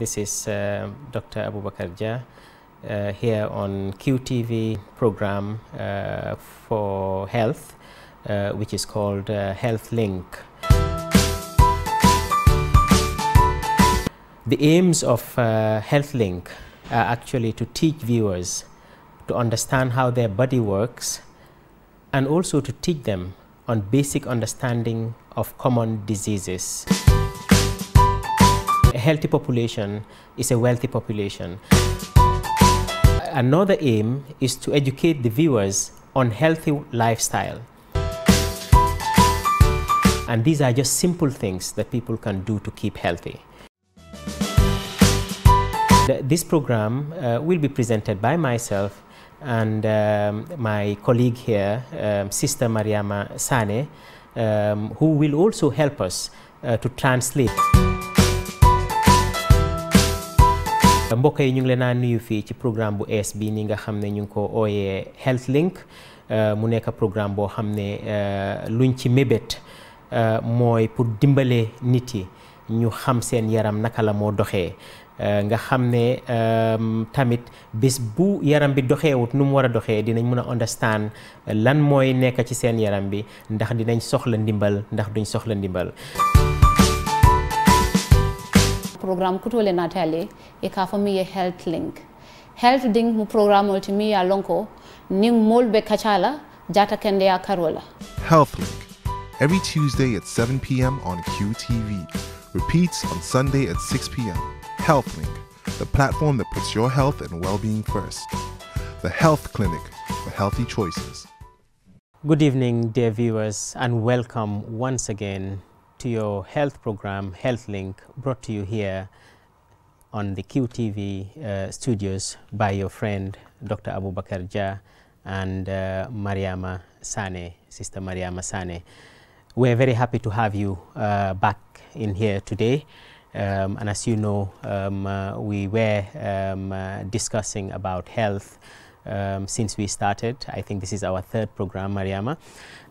This is uh, Dr. Abubakar Jah uh, here on QTV program uh, for health, uh, which is called uh, Health Link. The aims of uh, Health Link are actually to teach viewers to understand how their body works and also to teach them on basic understanding of common diseases. A healthy population is a wealthy population. Another aim is to educate the viewers on healthy lifestyle. And these are just simple things that people can do to keep healthy. This program uh, will be presented by myself and um, my colleague here, um, Sister Mariama Sane, um, who will also help us uh, to translate. mbokk yi ñu ngi leen a nuyu fii ci programme bu ees bi ni nga xam ne ñu ngi ko ooyee Health Link euh, mu nekk programme boo xam ne euh, luñ ci mébét euh, mooy pour dimbale nit yi ñu xam seen yaram naka la moo doxee nga xam ne tamit bis bu yaram bi doxewut nu mu war a doxee dinañ mun a understand lan mooy nekk ci seen yaram bi ndax dinañ soxla ndimbal ndax duñ soxla ndimbal program kutule natale e ka health link health link mu program ya lonko ning molbe kachala jata kende ya karola health link every tuesday at 7 p.m. on QTV repeats on sunday at 6 p.m. health link the platform that puts your health and well-being first the health clinic for healthy choices Good evening, dear viewers, and welcome once again to your health program, Health Link, brought to you here on the QTV uh, studios by your friend Dr. Abu Bakar Jah and uh, Mariama Sane, Sister Mariama Sane. We're very happy to have you uh, back in here today. Um, and as you know, um, uh, we were um, uh, discussing about health um, since we started. I think this is our third program, Mariama.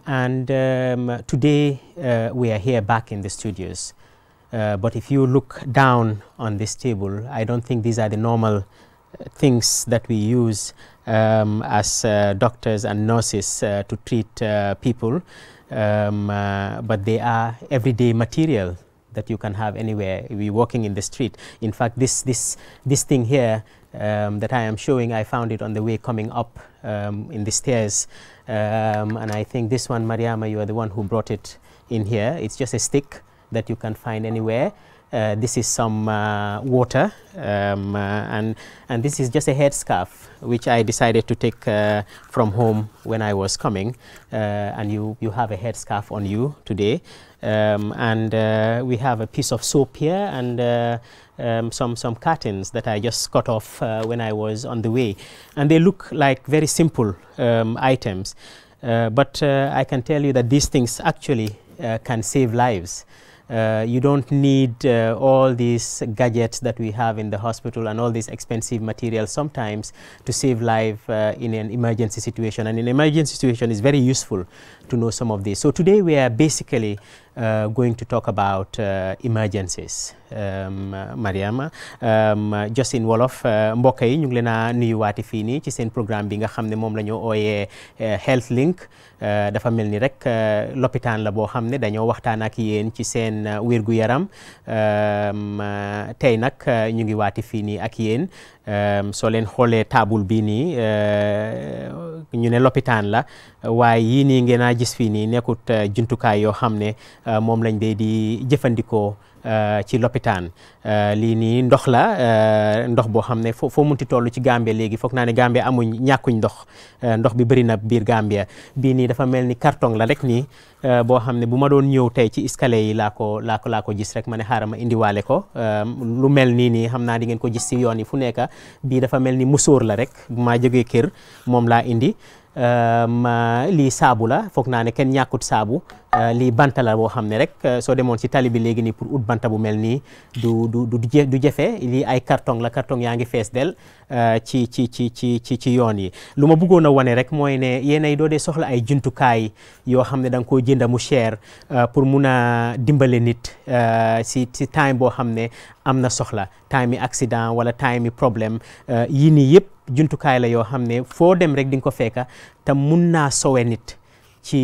And um, today uh, we are here back in the studios. Uh, but if you look down on this table, I don't think these are the normal uh, things that we use um, as uh, doctors and nurses uh, to treat uh, people, um, uh, but they are everyday material that you can have anywhere. We're walking in the street. In fact, this, this, this thing here um, that I am showing, I found it on the way coming up um, in the stairs. Um, and I think this one, Mariama, you are the one who brought it in here. It's just a stick that you can find anywhere. Uh, this is some uh, water um, uh, and and this is just a headscarf which I decided to take uh, from home when I was coming uh, and you you have a headscarf on you today um, and uh, we have a piece of soap here and um, some, some curtains that I just cut off uh, when I was on the way. And they look like very simple um, items. Uh, but uh, I can tell you that these things actually uh, can save lives. Uh, you don't need uh, all these gadgets that we have in the hospital and all these expensive materials sometimes to save life in an emergency situation. And an emergency situation is very useful to know some of these. So today we are basically uh, going to talk about uh, emergencies mariyama um, Mariama um, just in wolof uh, mbokk yi ñu ngi leen a fii nii ci seen programme bi nga xam ne moom la ñu ooyee uh, Health Link uh, dafa mel ni rek lopitaan la boo xam ne dañoo waxtaan ak yéen ci seen wirgu yaram um, tey nag ñu ngi waati fii nii ak yéen um, soo leen xoolee taabul bii nii ñu ne lopitaan la waaye yi nii ngeen a gis fii nii nekkut jumtukaay yoo xam ne Euh, moom lañ dee di jëfandikoo euh, ci lopitaan euh, lii nii ndox la ndox boo xam ne foo foo munti toll ci Gambia léegi foog naa ne Gambia amuñ ñàkkuñ ndox ndox bi bëri na biir Gambia bii nii dafa mel ni carton la rek nii Euh, boo xam ne bu ma doon ñëw tey ci escalier yi laa ko laa ko laa rek ma ne xaaral ma indiwaale ko euh, lu mel nii nii xam naa di ngeen ko gis si yoon yi fu nekk bii dafa mel ni musóor la rek bu maa jógee kër moom laa indi euh, lii saabu la foog naa ne kenn ñàkkut saabu li banta la boo xam ne rek soo demoon ci tali bi léegi nii pour ut banta bu mel nii du du du jafe lii ay carton la carton yaa ngi fees del ci ci ci ci ci ci yoon yi lu ma bëggoon a wane rek mooy ne yéenay doo dee soxla ay jumtukaay yoo xam ne jënda mu cher euh, pour mun dimbale nit euh, si si time boo xam ne am na soxla time yi accident wala time yi problème euh, yii nii yëpp jumtukaay la yoo xam ne foo dem rek di nga ko fekka te mun naa sowe nit ci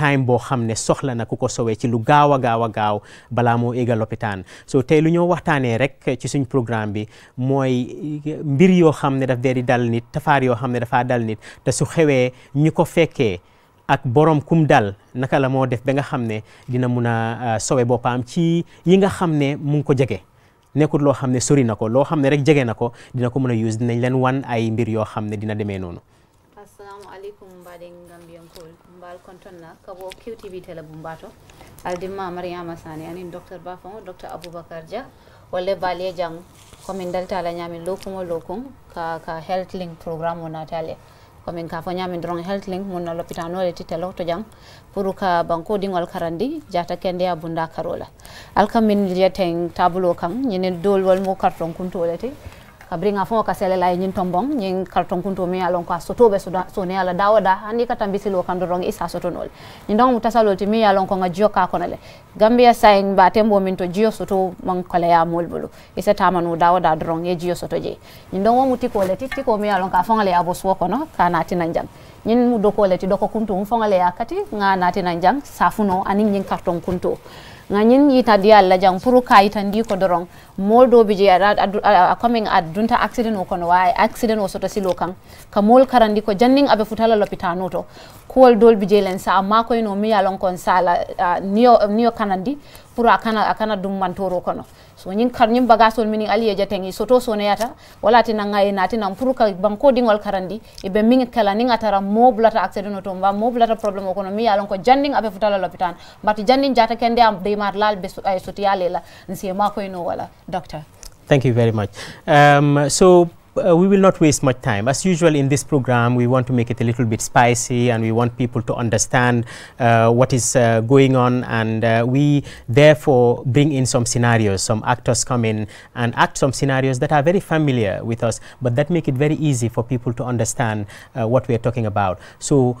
time boo xam ne soxla na ku ko sowee ci lu gaaw a gaaw a gaaw balaa moo égal lopitaan so tey ñoo waxtaanee rek ci suñ programme bi mooy mbir yoo xam ne daf dee dal nit tafaar yoo xam ne dafaa dal nit te su xewee ñu ko fekkee ak borom kum dal naka la moo def ba nga xam ne dina mun a euh, sowe boppam ci yi nga xam ne mu ngi ko jege nekkul loo xam ne sori na ko loo xam ne rek jege na ko dina ko mën a use dinañ leen wan ay mbir yoo xam ne dina demee noonu. asalaamaaleykum mbaade Gambiankool mbaal konton na kabo QTV télé bu mbaato aldimma mariama sane anin docteur bafon docteur aboubacar dia wolle baale jang komin dalitala ñamin lokum o lokum ka ka health link programme o natale komin ka fo ñamin drong health link mun no leti telo to jam pour ka banko dingol karandi jata kende abunda bunda karola alkamin tablo kam kan dol wal mo carton kuntolete kabringa fo ka sele la nyin tombong nyin karton kunto mi alon ka soto be soda so ne ala dawada da handi ka tambi silo kan rong isa soto nol nyin dong mutasalo ti mi alon ko ngajio ka kono le gambia sain ba tembo min to jio soto man kala ya mol bulu isa tamanu dawada da dorong ye jio soto je nyin dong wo muti ko le ti ko mi alon ka fo ngale abo so ko kono kana ti nanjang nyin mu do ko le ti do ko kunto fo ngale ya kati nga na ti nanjang safuno anin nyin karton kunto ganyin yitandi allah jang pour ka yitandi ko doron mol ɗoɓe je a commin a dunta accident o kono wawi accident o soto silo kan ka mol karandi ko jannin aɓe futala lopitanoto kuwol dol bi jelen sa amma koy no mi yalon kon sala uh, niyo niyo kanandi pour akana akana dum mantoro kono so nyin kar nyim bagasol minin aliye jatengi so to sone yata wala tina ngaye nati nam pour ka banko dingol karandi e be min kala ni ngatara mo blata accident to mba mo blata problem kono mi yalon ko janding abe futala l'hôpital but janding jata kende am de mar lal be ay sotiyale la nse ma koy no wala doctor thank you very much um, so uh, we will not waste much time. As usual in this program, we want to make it a little bit spicy and we want people to understand uh, what is uh, going on and uh, we therefore bring in some scenarios. Some actors come in and act some scenarios that are very familiar with us but that make it very easy for people to understand uh, what we are talking about. So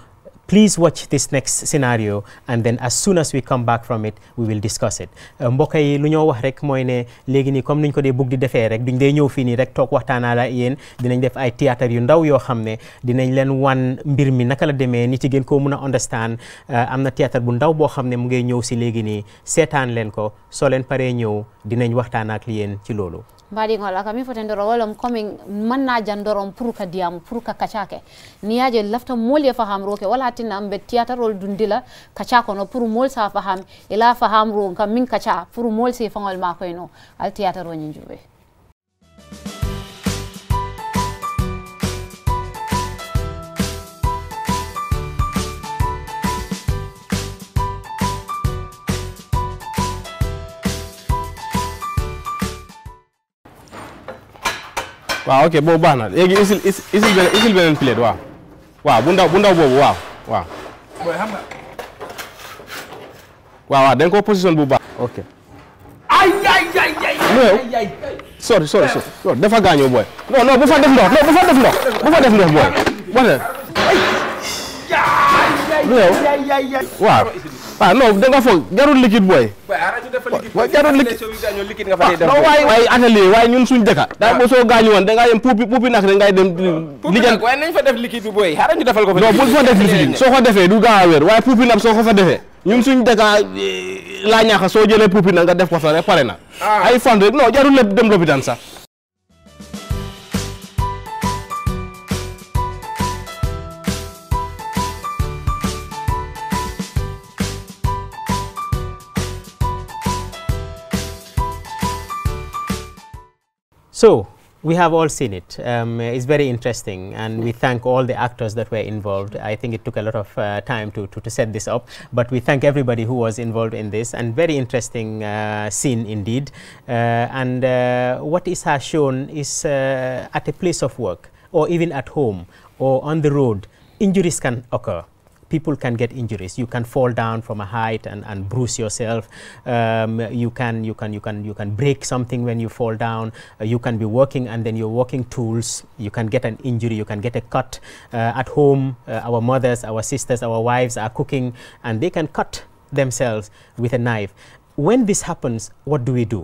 please watch this next scenario and then as soon as we come back from it we will discuss it uh, mbokk yi lu ñoo wax rek mooy ne léegi nii comme niñ ko dee bugg di defee rek duñ dee ñëw fii nii rek toog waxtaanaa la yéen dinañ def ay théâtre yu ndaw yoo xam ne dinañ leen wan mbir mi naka la demee ni yi gën koo mun a understand uh, am na théâtre bu ndaw boo xam ne mu ngay ñëw si léegi nii seetaan leen ko soo leen paree ñëw dinañ waxtaan ak yéen ci loolu mbaɗigol aka min foti ndoro walom commin mannajan dorom pour ka diyamo pour ka kacake niyaje lafta faham ro ke wala tinna tiata rol dundila kacakono pour mol sa faham ila ro kam min kaca pour se fangol faŋol makoyno al thank you waaw ok boobu baax na léegi isil isil beneen isil beneen plate waaw waaw bu ndaw bu ndaw boobu waaw waaw. booy xam nga. waaw waaw da nga ko position bu baax. ok. ay ay ay ay ay ay sori sori sori dafa gaañoo booy. non non bu fa def ndox non bu fa def ndox bu fa def ndox booy. wax dëgg. waaw. ah non da nga foog jarul liquide booy. waaw jarul liquide nga ah, waaye atelier waaye ñun suñ dëkka daa boo ah. soo gaañu woon da ngaa yem puupi puupi nag da ngay dem liggéey waaye nañ fa def liquide bi booy xaaral ñu defal ko fa soo ko defee du gaaw a wér waaye puupi nag soo ko fa defee ñun suñ dëkka ah, laa ñaaxa soo jëlee puupi nag nga def ko fa rek pare na ay fan rek non jarul lépp dem lopitaan sax So, we have all seen it. Um, it's very interesting, and we thank all the actors that were involved. I think it took a lot of uh, time to, to, to, set this up, but we thank everybody who was involved in this, and very interesting uh, scene indeed. Uh, and uh, what is has shown is uh, at a place of work, or even at home, or on the road, injuries can occur people can get injuries. You can fall down from a height and, and bruise yourself. Um, you can you can you can you can break something when you fall down. Uh, you can be working and then your working tools. You can get an injury. You can get a cut. Uh, at home, uh, our mothers, our sisters, our wives are cooking and they can cut themselves with a knife. When this happens, what do we do?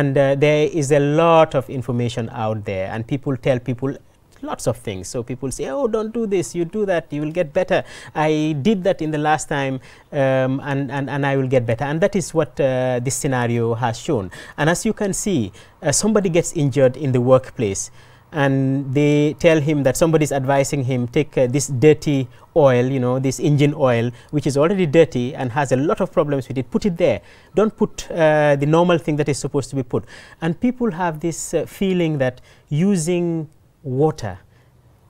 And uh, there is a lot of information out there, and people tell people lots of things. So, people say oh do not do this you do that you will get better I did that in the last time um, and, and, and I will get better and that is what uh, this scenario has shown. And as you can see uh, somebody gets injured in the workplace and they tell him that somebody is advising him take uh, this dirty oil you know this engine oil which is already dirty and has a lot of problems with it put it there don't put uh, the normal thing that is supposed to be put and people have this uh, feeling that using water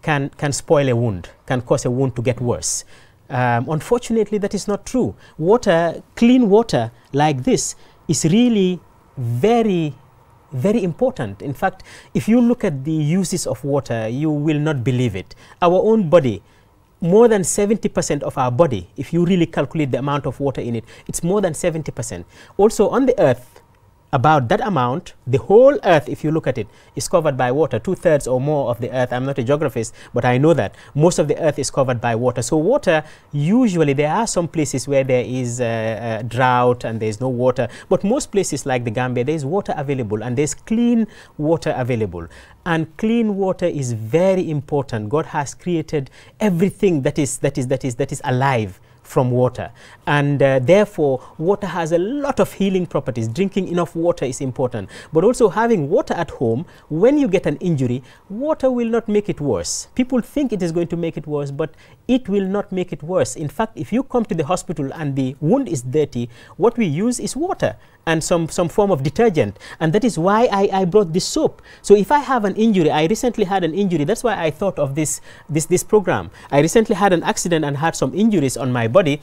can, can spoil a wound, can cause a wound to get worse. Um, unfortunately, that is not true. Water, clean water like this, is really very, very important. In fact, if you look at the uses of water, you will not believe it. Our own body, more than 70% of our body, if you really calculate the amount of water in it, it's more than 70%. Also, on the earth, about that amount, the whole earth, if you look at it, is covered by water. Two thirds or more of the earth, I'm not a geographist, but I know that most of the earth is covered by water. So, water, usually there are some places where there is uh, uh, drought and there's no water, but most places like the Gambia, there's water available and there's clean water available. And clean water is very important. God has created everything that is, that is, that is, that is alive from water. And uh, therefore, water has a lot of healing properties. Drinking enough water is important. But also having water at home, when you get an injury, water will not make it worse. People think it is going to make it worse, but it will not make it worse. In fact, if you come to the hospital and the wound is dirty, what we use is water and some, some form of detergent. And that is why I, I brought this soap. So if I have an injury, I recently had an injury. That's why I thought of this, this, this program. I recently had an accident and had some injuries on my body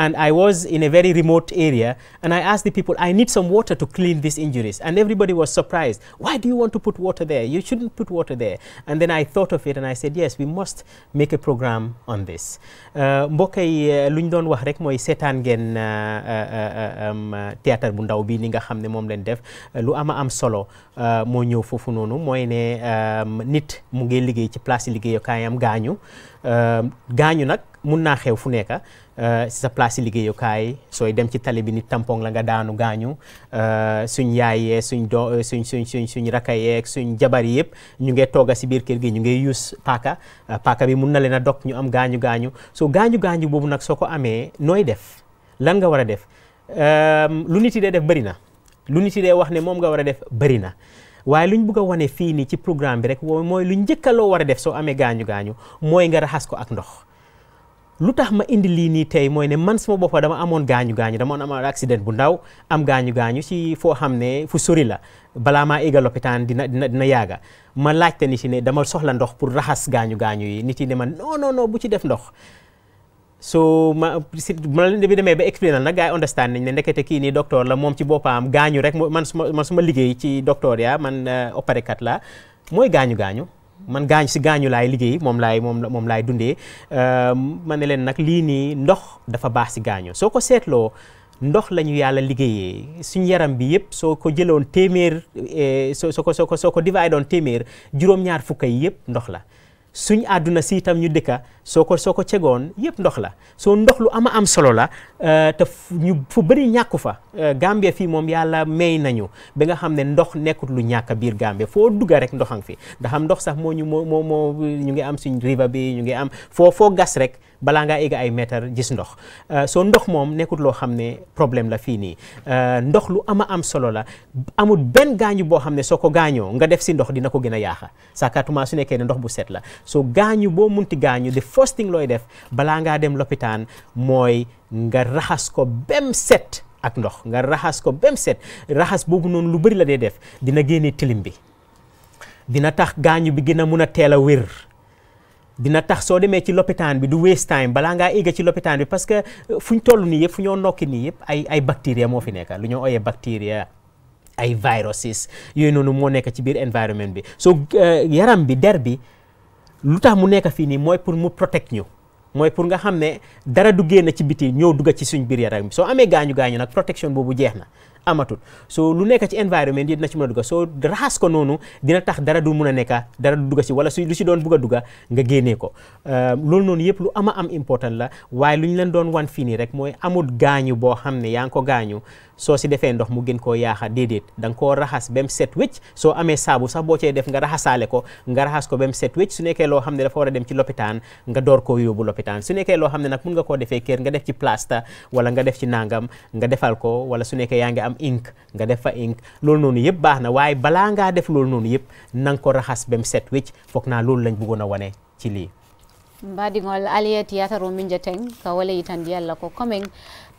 and I was in a very remote area and I asked the people, I need some water to clean these injuries. And everybody was surprised. Why do you want to put water there? You shouldn't put water there. And then I thought of it and I said, yes, we must make a program on this. Uh, mbokk yi uh, lu ñu doon wax rek mooy seetaan ngeen uh, um, théâtre bu ndaw bi ni nga xam ne moom def lu ama am solo moo ñëw foofu noonu mooy ne um, nit mu ngi liggéey ci place liggéeyukaayam gaañu um, gaañu nag mun naa xew fu nekk euh, si sa place si liggéeyukaay sooy dem ci tali bi nit tampon la nga daanu gaañu euh, suñ yaay yeeg suñ doo euh, suñ suñ suñ suñ rakka yeeg suñ jabar yëpp ñu ngi tooga si biir kër gi ñu ngi use paaka paaka bi mun na leen a dog ñu am gaañu gaañu soo gaañu gaañu boobu nag soo ko amee nooy def lan nga war a def lu nit yi dee def bari na lu nit yi dee wax ne moom nga war a def bari na. waaye lu ñu bëgg wane fii nii ci programme bi rek mooy lu njëkkaloo war a def soo amee gaañu mooy nga raxas ko ak ndox lu tax ma indi lii nii tey mooy ne man sama boppa dama amoon gaañu gaañu dama amoon accident bu ndaw am gaañu gaañu ci foo xam ne fu sori la balaa maa égal lopitaan dina dina dina yaaga ma laajte ni yi ne dama soxla ndox pour raxas gaañu gaañu yi nit yi ne ma non non non bu ci def ndox. soo ma si ma leen bi demee ba expliqué nag gars yi understand nañ ne ndekete kii nii docteur la moom ci boppam gaañu rek man suma man suma liggéey ci docteur yaa man euh, opérekat la mooy gaañu gaañu. man gaañ si gaañu laay liggéey moom laay moom moom laay dundee euh, ma ne leen nag lii nii ndox dafa baax si gaañu soo ko seetloo ndox lañu yàlla liggéeyee suñu yaram bi yëpp soo ko jëloon téeméer euh, soo ko soo ko soo ko doon téeméer juróom-ñaar fukk yi yëpp ndox la. suñ àdduna si itam ñu dëkka soo ko soo ko cegoon yëpp ndox la soo ndox lu ama am solo la euh, te ñu fu bëri ñàkku fa euh, Gambia fii moom yàlla may nañu ba nga xam ne ndox nekkut lu ñàkk biir Gambia foo dugga rek ndoxang fi ndax am ndox sax moo ñu moo moo ñu ngi am suñ river bi ñu ngi am foo foo gas rek balaa ngaa egg ay mètre gis ndox euh, soo ndox moom nekkul loo xam ne problème la fii nii euh, ndox lu ama am solo la amut benn gaañu boo xam ne soo ko gaañoo nga def si ndox dina ko gën a yaaxa saakatuma su nekkee ne ndox bu set la soo gaañu boo munti gaañu the first thing looy def balaa dem lopitaan mooy nga raxas ko bem set ak ndox nga raxas ko bem set raxas boobu noonu lu bëri la dee def dina génne tilim bi dina tax gaañu bi gën a mun a teel a wér dina tax soo demee ci loppitaan bi du waste time balaa ngaa egg ci lopitaan bi parce que euh, fu ñu toll nii yëpp fu ñoo nokki nii yëpp ay ay bactéries moo fi nekk lu ñoo ooyee bactéries ay viruses yooyu noonu moo nekk ci biir environnement bi so euh, yaram bi der bi lu tax mu nekk fii nii mooy pour mu protect ñu. mooy pour nga xam ne dara du génn ci biti ñëw dugga ci suñ biir yaram bi soo amee gaañu gaañu nag protection boobu jeex na amatul so lu nekk ci environment yi dina ci mën a dugga soo raxas ko noonu dina tax dara du mun a nekka dara du dugga si wala su lu si doon bugg a dugga nga génnee ko euh, loolu noonu yëpp lu ama am important la waaye lu ñu leen doon wan fii nii rek mooy amul gaañu boo xam ne yaa ngi ko gaañu soo si defee ndox mu gën koo yaaxa déedéet da nga raxas ba set wécc soo amee saabu sax boo cee def nga raxasaale ko nga raxas ko ba set wécc su nekkee loo xam ne dafa war a dem ci lopitaan nga door koo yóbbu lopitaan su nekkee loo xam mun nga koo defee kër nga def ci plasta wala nga def ci nangam nga defal ko wala su nekkee yaa ngi am ink nga def fa ink loolu noonu yëpp baax na waaye balaa nga def lool noonu yëpp na nga ko raxas ba mu set wécc foog naa loolu lañ bëggoon a wane ci lii mbaɗigol aliyet yataru min jeteng ka wala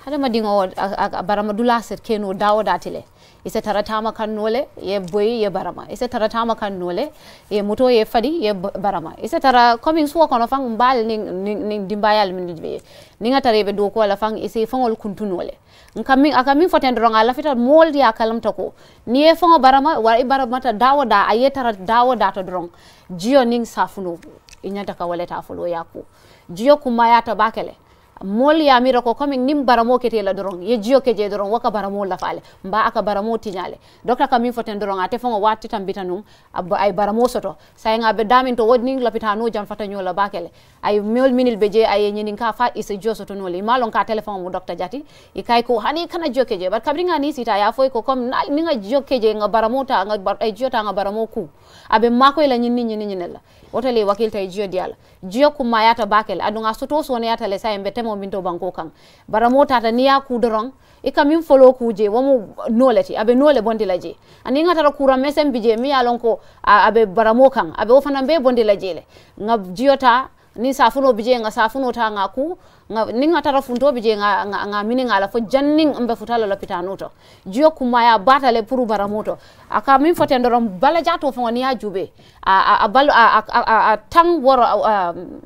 hadamadiŋo wo a barama dulasit keno dawoɗati le ise taratama kannole ye boyi ye barama ise taratama kannole ye moto ye fadi ye barama ise tara commin suwo kono faŋ mbaali niŋ niŋ dimbayal min be niŋa tara yeɓe dookuwo la faŋ ise faŋol kuntunole nka min aka min foten doroŋ a lafita moolu ye a kalamta ko ni ye faŋo barama wara i baramata dawo da a ye tara dawo data doroŋ jiyo niŋ safuno i ñanta ka waleta foloo yaa ko jiyo kummayata baake le mol yamira ko komin nim baramo ketela doron ye jio jiyo keje doron waka baramo lafale mba aka baramo tiñale docteur ka min foten doron ate fongo watti tambita num ay baramo soto say nga be damin to wodni lopitano jam fata nyola bakele ay mol minil beje ay nyenin ka fa isa jio soto nole malon ka telephone mu docteur jati i kay ko hani kana jio jiyo keje bar kabri nga ni sita ya foy ko kom ni nga ke keje nga baramo ta nga bar ay jiyo ta nga baramo ku abe mako ila nyinni nyinni nyinella otale wakilta jiyo diala jio kuma yata bakele adunga soto so ne yata le say mbetemo mo min to banko kan bara mo tata ni ya ku doron i e ka min folo ku je wamu nole ti abe nole bondi la je ani nga tara kura mesen bije mi ya lon ko abe bara mo kan abe o fana be bondi la le nga jiyota ni safuno bije nga safuno ta nga ku ninga a tara funtoo bi jee nga ŋa mini nga la fo janniŋ mbe futala la lopitaanoo to jio kuma ya batale pour bara moto aka min miŋ ndorom bala jato fo jaatoo faŋo jube a a bal a a a tang woro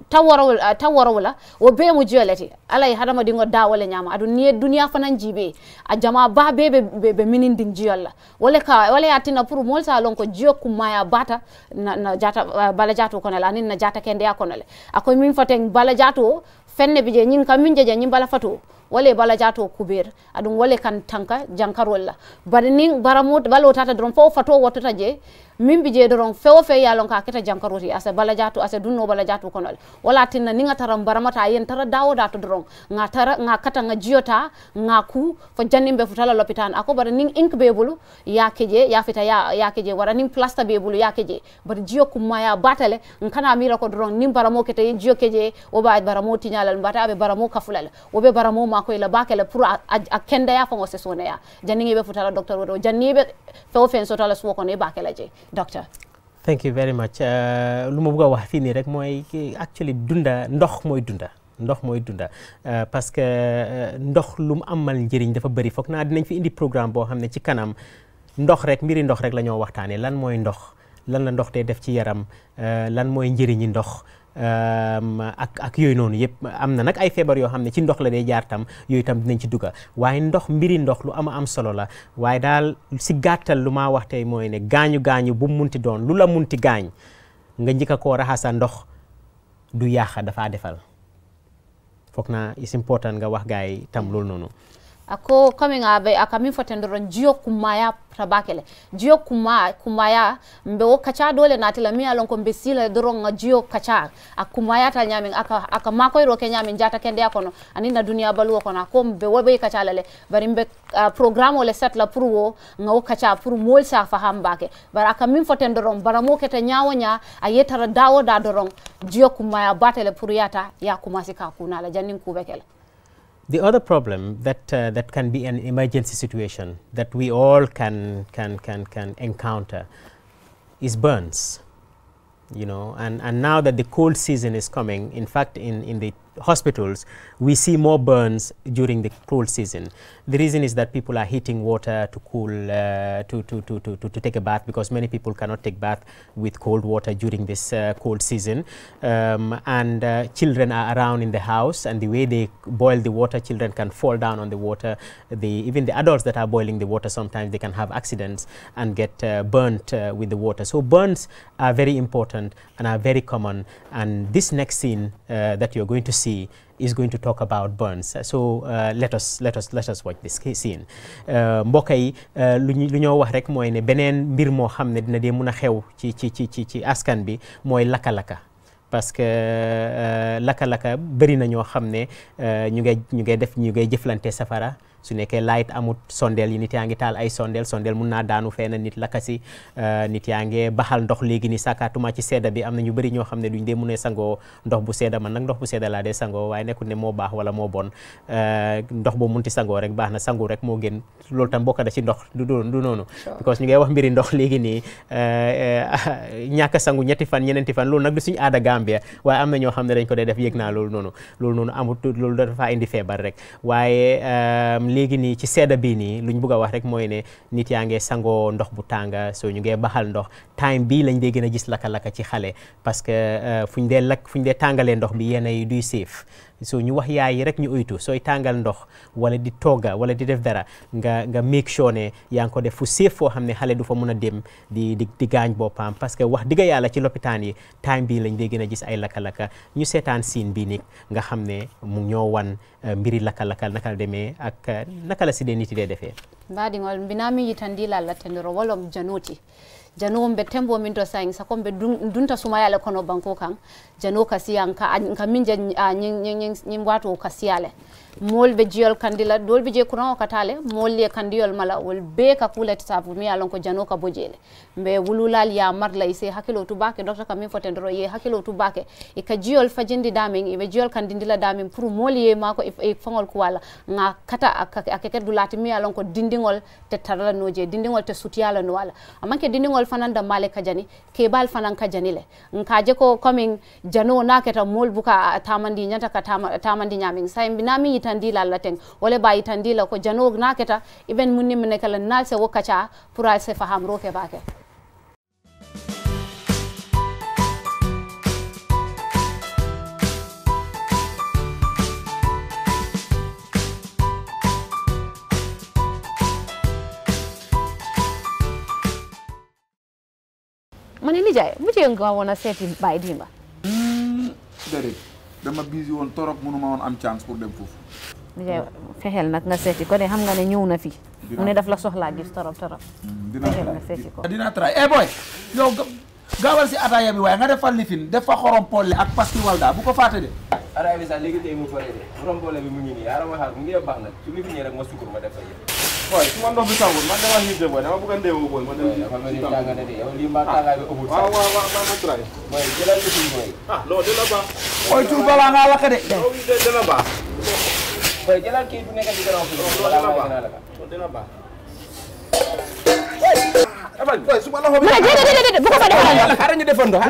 ta worowo wala wo be mu jolati alay ti alla ye hadamadiŋo daawo le ñaama aduŋ niŋ ye duniyaa fanaŋ a jama ba be be be minindiŋ jiyol la wala ka wala ya tina a tinna pour moolu se a ko jio kuma ya bata na jata bala jato kono nin na jata kende ya le akoy min miŋ bala jato fenne bije ñin kam min jaja ñin bala wala bala jato kubeer aɗum wala kan tanka jankarol la baramo bala o tata doron fo fato wottota je min bi je doron fewo fe yalon ka keta jankaroti asa bala jato asa dunno bala jato konole wala tinna ninga taram baramata yen tara dawo dato doron nga tara nga kata nga jiyota nga ku fo jannimbe futala lopitan ako bari ink be ya keje ya fita ya ya keje wara plasta be ya keje bari jiyo kuma batale nkana mira ko doron nin baramo kete jiyo keje o ba baramo tinyalal mbata be baramo kafulal o baramo ko ila ba kala pour a, kenda ya fongo se sone ya janni be futala docteur wodo janni be fewo fen sotala ne e ba kala je docteur thank you very much lu ma bëgg wax rek moy actually dunda ndox moy dunda ndox mooy dunda uh, parce que uh, ndox lum mu amal njëriñ dafa bëri foog naa dinañ fi indi programme ci kanam rek mbiri ndox rek lanyo ñoo lan mooy ndox lan la ndox dee def ci yaram uh, lan mooy njëriñi ndox Ehm, ak ak yooyu noonu yëpp am na nag ay feebar yoo xam ne ci ndox la dee jaar tam yooyu tam dinañ ci dugga waaye ndox mbiri ndox lu ama am solo la waaye daal si gàttal lu ma wax tey mooy ne gaañu gaañu bu munti doon lu la munti gaañ nga njëkk a koo raxasa ndox du yàq dafa defal foog na is important nga wax gaa yi tam loolu noonu ako coming abe eh, akamin fotendoro jiyo kumaya tabakele jiyo kuma kumaya mbe wo kacha dole na tela miya lon ko doro nga jiyo kacha akumaya ta nyamin aka aka mako iro ke nyamin jata kende akono ani na dunia balu kono ko mbe wo kacha lale bari mbe uh, ah, programo le set la wo nga wo kacha puru mol sa faham bake bara akamin fotendoro bara mo kete nyawo nya ayetara dawo da doron jiyo kumaya batele puru yata ya kumasi ka kuna la janin kubekele The other problem that uh, that can be an emergency situation that we all can can can can encounter is burns. You know, and and now that the cold season is coming, in fact, in in the hospitals, we see more burns during the cold season. The reason is that people are heating water to cool, uh, to, to, to, to, to, take a bath because many people cannot take bath with cold water during this uh, cold season. Um, and uh, children are around in the house and the way they boil the water, children can fall down on the water. The, even the adults that are boiling the water, sometimes they can have accidents and get uh, burnt uh, with the water. So burns are very important and are very common. And this next scene uh, that you're going to see BBC is to talk about Burns so uh, let us let us let us watch this scene uh, mbokk yi uh, lu ñu lu ñoo wax rek mooy ne beneen mbir moo xam ne dina dee mun a xew ci ci ci ci askan bi mooy laka-laka parce que euh, laka bëri na ñoo xam ne euh, ñu ngay ñu ngay def ñu ngay jëflante safara su nekké light amut sondel yi nit tal ngi sondel ay sondel sondel mun naa daanu feena nit lakasi eh, nit yaa ngi baxal ndox legui ni sakatuma ci sedda bi amna ñu bari ño xam duñ dé munee sango ndox bu sedda man nak ndox bu la dé sango nekku né mo bax wala mo bon eh, ndox bo munti sango rek baxna sango rek mo gën loolu tam bokka da ci ndox du du nonu because ñu ngay wax mbiri ndox ni euh eh, ñaaka sango ñetti fan ñenenti fan lool nak du suñu aada Gambia waaye amna ño ñoo dañ ko dé def yëg lool nonu lool nonu amut lool da fa indi febar rek léegi nii ci sedda bii nii lu ñu bëgg a wax rek mooy ne nit yaa ngee sangoo ndox bu tànga soo ñu ngee baxal ndox time bii lañ dee gën a gis laka-laka ci xale parce que euh, fu ñu dee lakk fu ñu dee tàngalee ndox bi yenn yi duy safe so ñu wax yaay yi rek ñu uytu sooy tàngal ndox wala di togga wala di def dara nga nga make sure ne yaa ngi ko def fu safe foo xam ne xale du fa mun a dem di di di gaañ boppam parce que wax digga yàlla ci lopitaan yi time bii lañ dee gën a gis ay lakka-lakka ñu seetaan siin bii ni nga xam ne mu ñoo wan eh, mbiri lakka-lakka naka la demee ak eh, naka la si dee nit yi dee defee mbaɗigol jano wonɓe tembo min to sayin sako ɓe dunta sumayale kono banko kan jano kasiyan ka nka min je ah, ñin wato kasiyale mol be jiol kandila dolɓe je kuno o katale mol ye kandiyol mala wol be ka kulati sabu mi alon ko jano ka bojele mbe wululal ya marla ise hakkilo tubake docteur kam min foten doro ye hakilo tubake e ka jiyol fajindi damin ibe jiyol kandindila damin pour moli ye mako e fangol ko wala nga kata akeket du mi alon ko dindingol te tarala noje dindingol te sutiyala no wala amanke dindingol fanan male kajani kebal fanan kajani le nkaje ko coming jano na keta mol buka tamandi nyanta ka tamandi nyamin sai binami itandila laten wala ba itandila ko jano na keta even munni mene kala nal se wokacha se faham roke bake ma ne nijaay mu jee nga woon a seeti Baye Demba. Hmm, déedéet dama busy woon torop mënuma woon am chance pour dem foofu. nijaay fexeel nag nga seeti ko de xam nga ne ñëw na fi. mu ne daf la soxlaa gis torop torop. Hmm, dina fexeel nga seeti ko. dina try eh boy yow gaawal si ataaya bi waaye nga defal lifin def fa xorom polle ak pasti walda bu ko fàtte de. ataaya bi sax léegi tey mu fële de xorom polle bi mu ngi nii yaa ma xaar mu ngi baax nag su lifinee rek ma sukkur ma def waaye su ma ndox bi tàngul man damaa xiite booy dama bëgg a ndeewoo booy. ma dem ci tàngoor bi lii mbaa tàngaay bi ëppul. Ah, waaw waaw waaw maa ma try. booy jëlal li suñ booy. ah non dina baax. booy tur balaa ngaa lakk de. loolu de dina baax. booy jëlal kii bu nekk ci gannaaw bi. loolu dina baax loolu dina baax. booy su ma loxo bi. déedéet bu ko fa defal ndox. xaaral ñu defal ndox.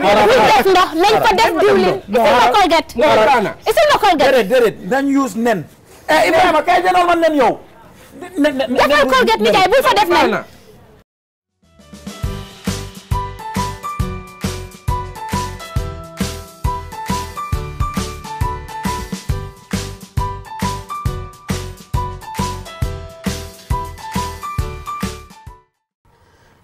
def ndox nañ fa def diwlin. isil colgate. isil colgate. déedéet déedéet nañ use nen. eh Ibrahima kay jëlal ma nen yow defal Colgate fa def nañ.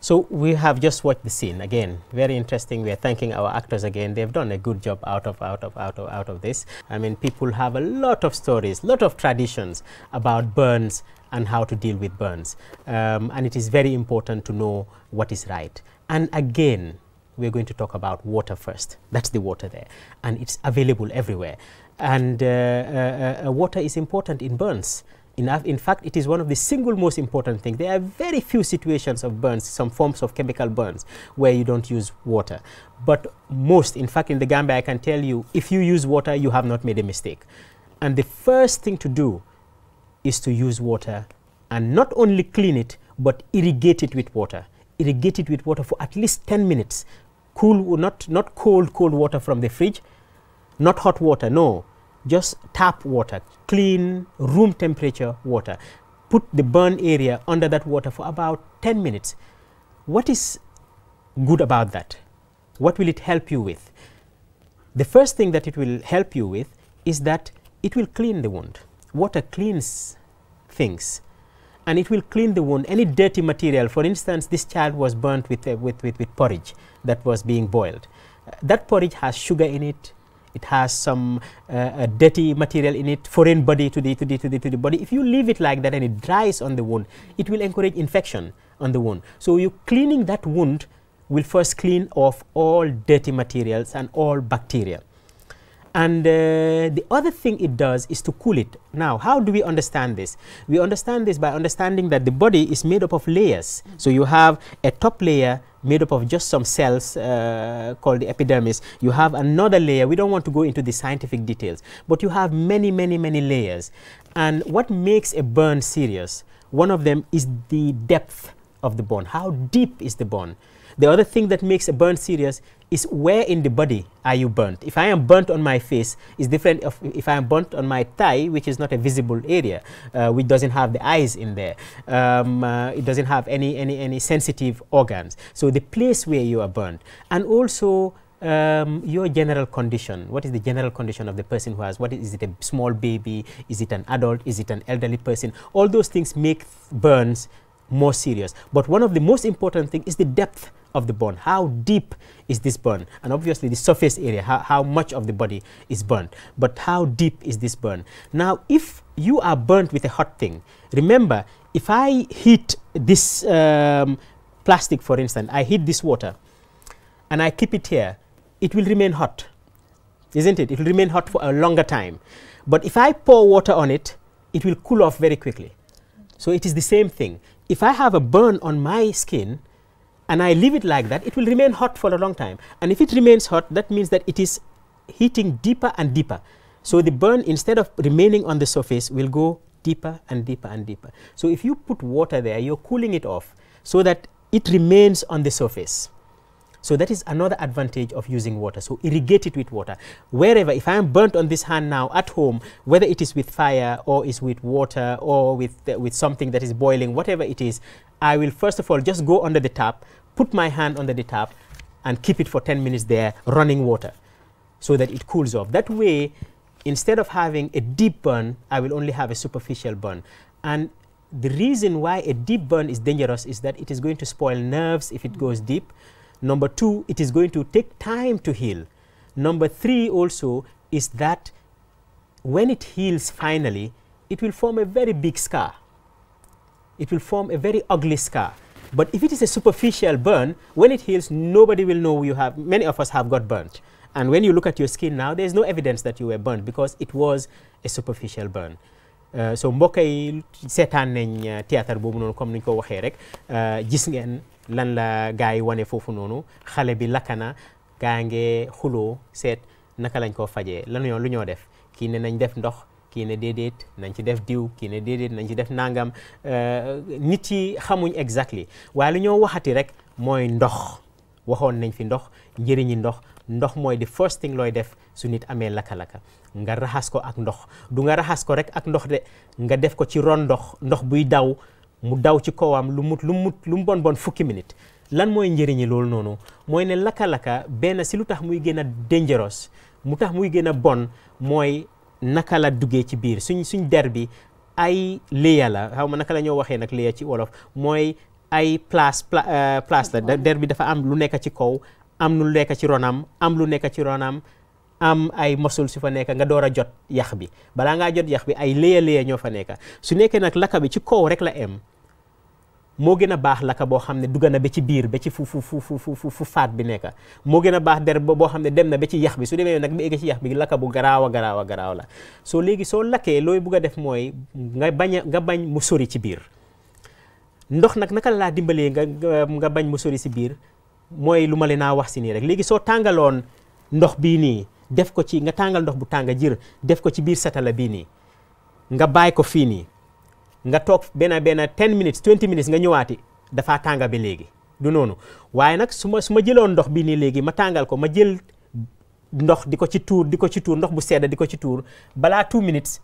So we have just watched the scene again. Very interesting. We are thanking our actors again. They've done a good job out of out of out of out of this. I mean, people have a lot of stories, lot of traditions about burns and how to deal with burns. Um, and it is very important to know what is right. And again, we're going to talk about water first. That's the water there. And it's available everywhere. And uh, uh, uh, uh water is important in burns. In, in, fact, it is one of the single most important things. There are very few situations of burns, some forms of chemical burns, where you don't use water. But most, in fact, in the Gambia, I can tell you, if you use water, you have not made a mistake. And the first thing to do is to use water and not only clean it but irrigate it with water irrigate it with water for at least 10 minutes cool not not cold cold water from the fridge not hot water no just tap water clean room temperature water put the burn area under that water for about 10 minutes what is good about that what will it help you with the first thing that it will help you with is that it will clean the wound water cleans things and it will clean the wound any dirty material for instance this child was burnt with, uh, with, with, with, porridge that was being boiled uh, that porridge has sugar in it it has some uh, dirty material in it foreign body to the, to, the, to, the, to the body if you leave it like that and it dries on the wound it will encourage infection on the wound so you cleaning that wound will first clean off all dirty materials and all bacteria and uh, the other thing it does is to cool it. Now, how do we understand this? We understand this by understanding that the body is made up of layers. So you have a top layer made up of just some cells uh, called the epidermis. You have another layer. We don't want to go into the scientific details, but you have many, many, many layers. And what makes a burn serious? One of them is the depth of the bone. How deep is the bone? The other thing that makes a burn serious is where in the body are you burnt? If I am burnt on my face, it's different of if I am burnt on my thigh, which is not a visible area, uh, which doesn't have the eyes in there. Um, uh, it doesn't have any, any, any sensitive organs. So the place where you are burnt. And also um, your general condition. What is the general condition of the person who has? What is, is, it? A small baby? Is it an adult? Is it an elderly person? All those things make burns more serious. But one of the most important thing is the depth of the burn. How deep is this burn? And obviously the surface area, how, how much of the body is burned. But how deep is this burn? Now, if you are burnt with a hot thing, remember, if I heat this um, plastic, for instance, I heat this water and I keep it here, it will remain hot, isn't it? It will remain hot for a longer time. But if I pour water on it, it will cool off very quickly. So it is the same thing if I have a burn on my skin and I leave it like that, it will remain hot for a long time. And if it remains hot, that means that it is heating deeper and deeper. So the burn, instead of remaining on the surface, will go deeper and deeper and deeper. So if you put water there, you're cooling it off so that it remains on the surface. So that is another advantage of using water. So irrigate it with water. Wherever, if I am burnt on this hand now at home, whether it is with fire or is with water or with, uh, with something that is boiling, whatever it is, I will first of all just go under the tap, put my hand under the tap and keep it for 10 minutes there running water so that it cools off. That way, instead of having a deep burn, I will only have a superficial burn. And the reason why a deep burn is dangerous is that it is going to spoil nerves if it goes deep. Number two, it is going to take time to heal. Number three also is that when it heals finally, it will form a very big scar. It will form a very ugly scar. But if it is a superficial burn, when it heals, nobody will know you have, many of us have got burnt. And when you look at your skin now, there's no evidence that you were burnt because it was a superficial burn. Eh, so mbokk yi seetaan nañ eh, théâtre boobu noonu comme niñ ko waxee rek eh, gis ngeen lan la gars yi wane foofu noonu xale bi lakkana gaa ngee xuloo seet naka lañ koo fajee lan yoon lu ñoo def kii ne nañ def ndox kii ne déedéet nañ ci def diw kii ne déedéet nañ ci def nangam nit yi xamuñ exactly waaye lu ñoo waxati rek mooy ndox waxoon nañ fi ndox njëriñi ndox ndox mooy the first thing looy def su nit amee laka-laka nga raxas ko ak ndox du nga raxas ko rek ak ndox de nga def ko ci ron ndox ndox buy daw mu daw ci kawam lu mut lu mut lu mu bon bon fukki minute lan mooy njëriñi loolu noonu mooy ne laka-laka benn si lu tax muy gën a dangereux mu tax muy gën a bon mooy naka la duggee ci biir suñ suñ der bi ay léya la xaw ma naka la ñoo waxee nag léya ci wolof mooy ay place place euh, la der bi dafa am lu nekk ci kaw am lu nekk ci ronam am lu nekk ci ronam am ay mosul su fa nekk nga door a jot yax bi balaa ngaa jot yax bi ay léya léya ñoo fa nekk su nekkee nag lakka bi ci kaw rek la em moo gën a baax lakka boo xam ne dugg na ba ci biir ba ci fu fu nekk moo gën a baax der boo xam ne dem na ba ci yax bi su demee nag ba egg ci yax bi laka bu garaaw garaawa garaaw la soo léegi soo lakkee looy bugg a def mooy nga bañ a nga bañ mu sori ci biir ndox nag naka la laa dimbalee nga nga bañ mu sori si biir mooy lu ma leen a wax si nii rek léegi soo tàngaloon ndox bii nii def ko ci nga tàngal ndox bu tànga jir def ko ci biir satala bii nii nga bàyyi ko fii nii nga toog benn benn 10 minutes 20 nga ñëwaati dafaa tànga bi léegi du noonu waaye nag su ma su ma jëloon ndox bii nii léegi ma tàngal ko ma jël ndox di ko ci tuur di ko ci tuur ndox bu sedda di ko ci tuur balaa 2 minutes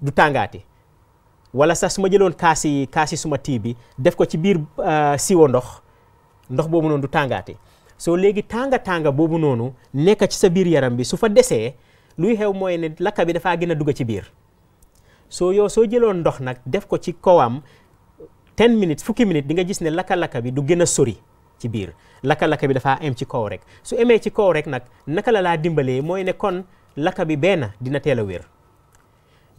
du tàngaati wala sax su ma jëloon kaasi kaasi suma tii bi def ko ci biir euh, siwo ndox ndox boobu noonu du tàngaati soo léegi tànga tànga boobu noonu nekk ci sa biir yaram bi su fa desee luy xew mooy ne lakka bi dafaa gën a dugg ci biir soo yow soo jëloon ndox nag def ko ci kawam 10 minutes fukki minutes di nga gis ne lakka-lakka bi du gën a sori ci biir lakka bi dafaa am ci kaw rek su emee ci kaw rek nag naka la laa dimbalee mooy ne kon lakka bi benn dina teel a wér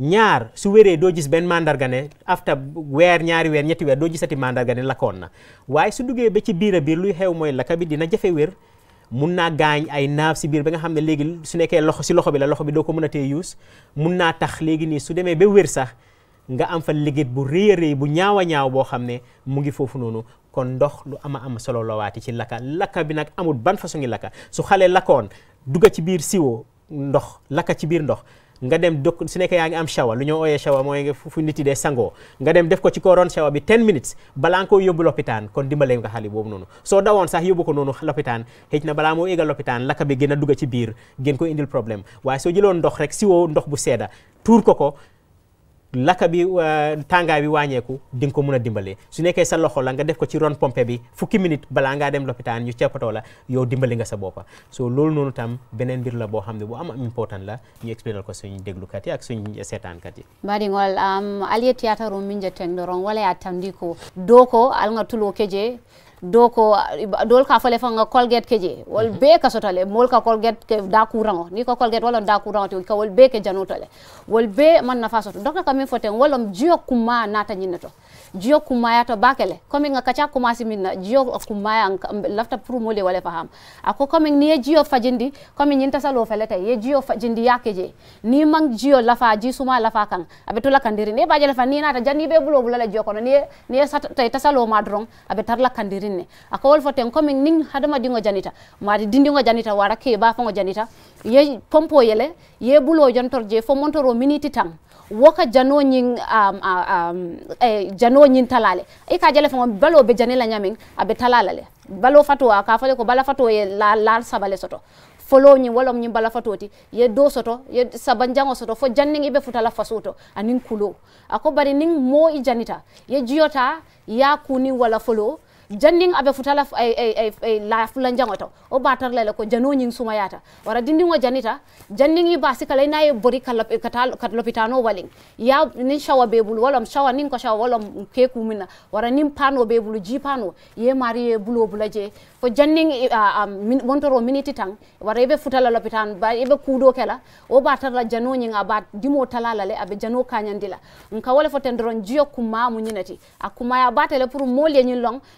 ñaar su wéree doo jis benn màndarga ne afta weer ñaari weer ñetti weer doo gisati mandarga ne lakkoon na waaye su duggee ba ci biir a biir luy xew mooy lakka bi dina jafe wér mun naa gaañ ay naaf si biir ba nga xam ne léegi su nekkee loxo si loxo bi la loxo bi doo mën a tee yuus mun naa tax léegi nii su demee ba wér sax nga am fa liggéey bu rëy rëy bu ñaaw a ñaaw boo xam ne mu ngi foofu noonu kon ndox lu ama am solo lawaati ci lakka lakka bi nag amul ban façon ngi lakka su xale lakkoon dugga ci biir siwo ndox lakka ci biir ndox nga dem dëkk su nekkee yaa ngi am shawa lu ñoo ooyee shawa mooy nga fu nit yi dee sangoo nga dem def ko ci koroon shawa bi 10 minutes balaa ko yóbbu lopitaan kon dimbale nga xale boobu noonu soo dawoon sax yóbbu ko noonu lopitaan xëy na balaa moo égal lopitaan lakka bi gën a dugg ci biir gën ko indil problème waaye soo jëloon ndox rek si siwoo ndox bu seeda tuur ko ko laka bi euh, tàngaay bi wàññeeku di nga ko mën a dimbale su nekkee sa loxo la nga def ko ci ron pompe bi fukki minute balaa ngaa dem lopitaan ñu ceppatoo la yow dimbali nga sa boppa so loolu noonu tam beneen mbir la boo xam ne bu am important la ñu expliqué ko suñ déglukat yi ak suñ seetaankat yi mbaɗigol aliyettiyatarum min je teng doron wala ya tamdi ko doo ko alga doko dol ka fale fanga colgate keje wol mhm. be ka sotale mol ka colgate ke da courant ni ko colgate wala da courant ko ka wol be ke janotale wol be man fa soto donc ka min foten wolom jiyo kuma nata nyinato jio kumaya to bakele komi nga kacha kumasi minna jio kumaya lafta pour mole wala faham ako komi ni jio fajindi komi nyinta salo felete ye jio fajindi yake je ni mang jiyo lafa ji suma lafa kan abe tola kandiri ne baje lafa ni na ta janibe bulo bulo la kono ni ni tay tasalo madron abe kandiri ne ako wol foten komi ning hadama dingo janita mari dindingo janita wara ke ba fango janita ye pompo yele ye bulo jontor je fo montoro miniti tang woka jano nyin um, uh, um, eh, jano nyin talale e ka jale fon balo be jane la nyamin abe talalale le balo a ka fale ko bala fatwa ye la la sabale soto folo nyin wolom nyin bala fatoti ye do soto ye sabanjango soto fo janning ibe futala fasoto anin kulo ako bari ning mo i janita ye jiyota ya kuni wala folo janning aɓe futala la fula jangoto o batar lele ko janoñing sumayata wara dindingo janita janning i basi kala naye bori kat lopitano waling ya nin shawa bebulu walam shawa nin ko shawa walam keku mina wara nin pano bebulu ji pano ye mari ye bulo bula je janning eh, ah, ah, montoro miniti tan wara ɓe futala lopitan ba ɓe kuudo kela o batar la janoñing a ba dimo talala le jano kañandila nka wala fo ten jiyo kumma mu ñinati a batele pour mol ye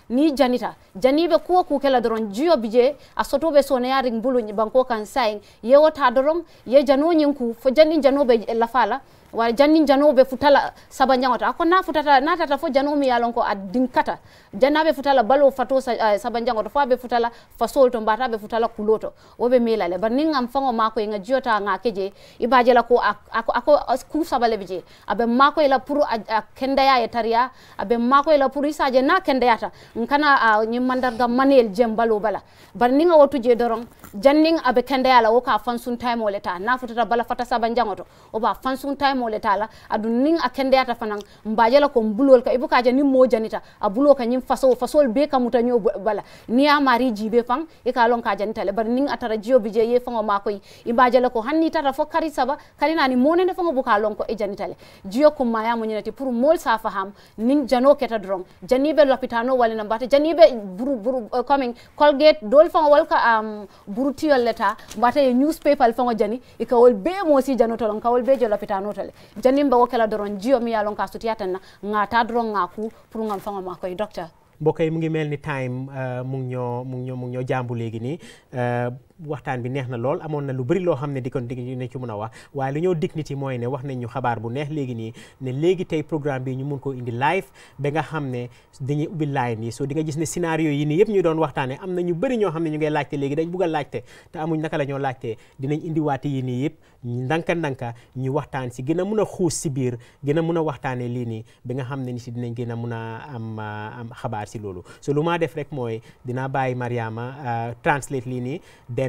ni ni janita janibe kuwa kukela doron jiyo bije a soto be sone yaring bulu banko kan sain yewo ta doron ye jano nyin ku fo janin jano be lafala wa janni janoɓe futala saba jagota ako na futata natata fo janomi yalon ko a dinkata jannaɓe futala balo fato eh, saba jagoto fo aɓe futala fasol to mbataɓe futala kuloto to woɓe melale bar nin gam fango makoye ga jiyota ga keje ibajela ko ako, ako ku sabaleɓe je aɓe makoye la pour a, a kendaya e tariya aɓe makoye la pour isaje na kendayata kana uh, ñimmandarga manel jem balo bala bar nin ga wotuje doron jannin aɓe kendayala ka fansun time oleta na futata bala fata saba jagoto oba fansun time le tala adu nin akende ata fanan mbajala ko bulol ka ibuka ja nin mo janita a abulo ka nyim faso faso be ka muta nyo bala ni ya mari jibe fan e ka lon ka janita le bar nin atara jiyo bije ye fan ma koy imbajala ko hanni tata fo kari saba kari nani monen ne fan buka lon ko e janita le jio ko maya mo nyinati pour mol sa faham nin jano keta drom janibe lopitano wala nambata janibe buru buru uh, coming colgate dol fan wal ka um, buru tiol leta mbata ye newspaper fan jani e ka wol be mo si jano lon ka wol be jola pitano tole janim ba wokela doron jio mi yalon ka sutiyatan na nga ta doron nga ku pour ngam fanga ma koy docteur mbokk mu ngi melni ni time eh, mu ngi ñoo mu ngi ñoo mu ngi ñoo jambu léegi ni eh, waxtaan bi neex na lool amoon na lu bëri loo xam ne di kon di ne ci mën a wax waaye lu ñëw dig nit yi mooy ne wax nañ ñu xabaar bu neex léegi nii ne léegi tey programme bi ñu mun koo indi live ba nga xam ne dañuy ubbi line yi so di nga gis ne scénario yi nii yëpp ñu doon waxtaane am na ñu bëri ñoo xam ne ñu ngay laajte léegi dañ bugg a laajte te amuñ naka la ñoo laajtee dinañ indiwaate yi nii yëpp ndanka ndanka ñu waxtaan si gën a mun a xuus si biir gën a mun a waxtaane lii nii bi xam ne si dinañ gën a mun a am am xabaar si loolu so lu maa def rek mooy dinaa bàyyi Mariama euh, translate lii nii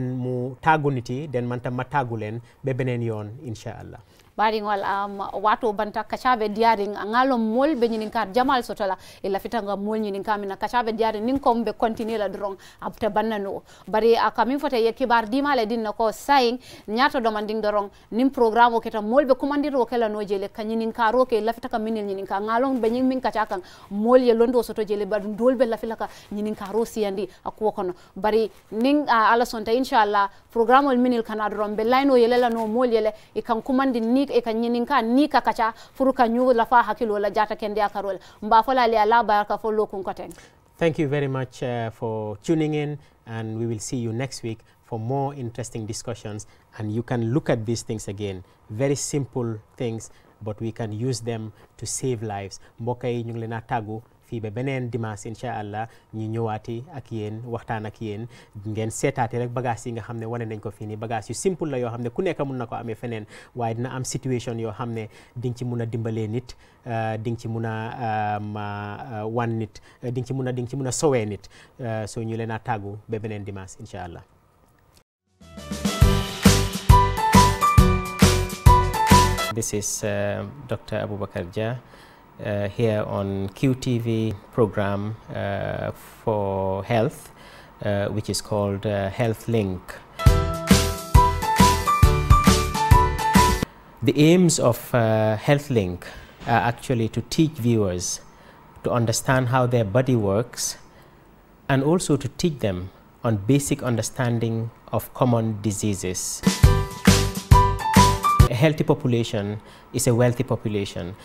leen mu tàggu nit yi den man tam ma tàggu leen ba beneen yoon incha allah. baringol um, watu banta kachabe diaring angalo mol be nyinin kar jamal sotola ila fitanga mol nyinin kamina kachabe diaring nin kombe continue la drong apta bannano bari akamin uh, fote ye kibar di male din ko saying nyato do manding dorong nim programme keta mol be kumandir wo kala no jele kanyinin karo ke la fitaka minil nyinin ka ngalo benyin nyin min kachakan mol ye londo soto jele bar dol be la filaka nyinin karo andi akuwa kono bari nin uh, ala sonta inshallah programme minil kanadrom be laino yele la no mol yele ikan kumandi ni e ka ka ni ka la jata kende mba fola le ala baraka fo lokun koten Thank you very much uh, for tuning in and we will see you next week for more interesting discussions and you can look at these things again very simple things but we can use them to save lives mbokk ñu ngi fii ba beneen dimanche incha allah ñu ñëwaati ak yéen waxtaan ak yéen ngeen seetaati rek bagage yi nga xam ne wane nañ ko fii nii bagage yu simple la yoo xam ne ku nekk mun na ko amee feneen waaye dina am situation yoo xam ne di nga ci mun a dimbalee nit euh, di nga ci mun a euh, euh, wan nit di nga ci mun a di nga ci mun a sowee nit soo ñu leen a tàggu beneen dimanche incha allah. This is uh, Dr. Abubakar Jah. uh, here on QTV program uh, for health, uh, which is called uh, Health Link. The aims of uh, Health Link are actually to teach viewers to understand how their body works and also to teach them on basic understanding of common diseases. A healthy population is a wealthy population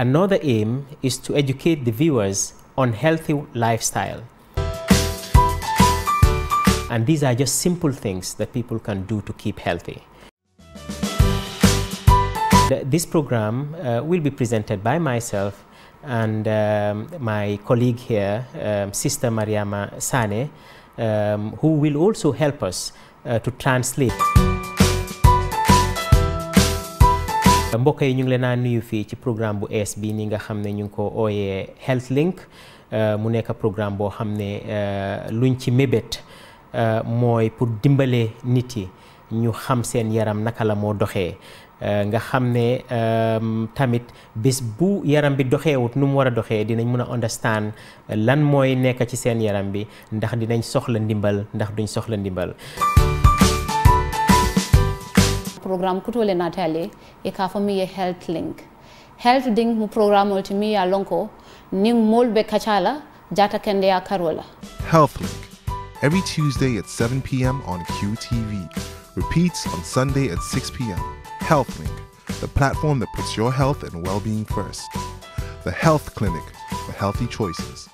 another aim is to educate the viewers on healthy lifestyle. And these are just simple things that people can do to keep healthy. This program uh, will be presented by myself and um, my colleague here, um, Sister Mariama Sane, um, who will also help us uh, to translate. mbokk yi ñu ngi leen a nuyu fii ci programme bu ees bii ni nga xam ne ñu ngi ko ooyee Health Link euh, mu nekk programme boo xam ne euh, luñ ci mébét euh, mooy pour dimbale nit yi ñu xam seen yaram naka la moo doxee nga xam ne tamit bis bu yaram bi doxewut nu mu war a doxee dinañ mun a understand lan mooy nekk ci seen yaram bi ndax dinañ soxla ndimbal ndax duñ soxla ndimbal program kutule natale e ka fomi ye health link health link mu program ultimi ya lonko ning molbe kachala jata kende ya karola health link every tuesday at 7 p.m on qtv repeats on sunday at 6 p.m health link the platform that puts your health and well-being first the health clinic for healthy choices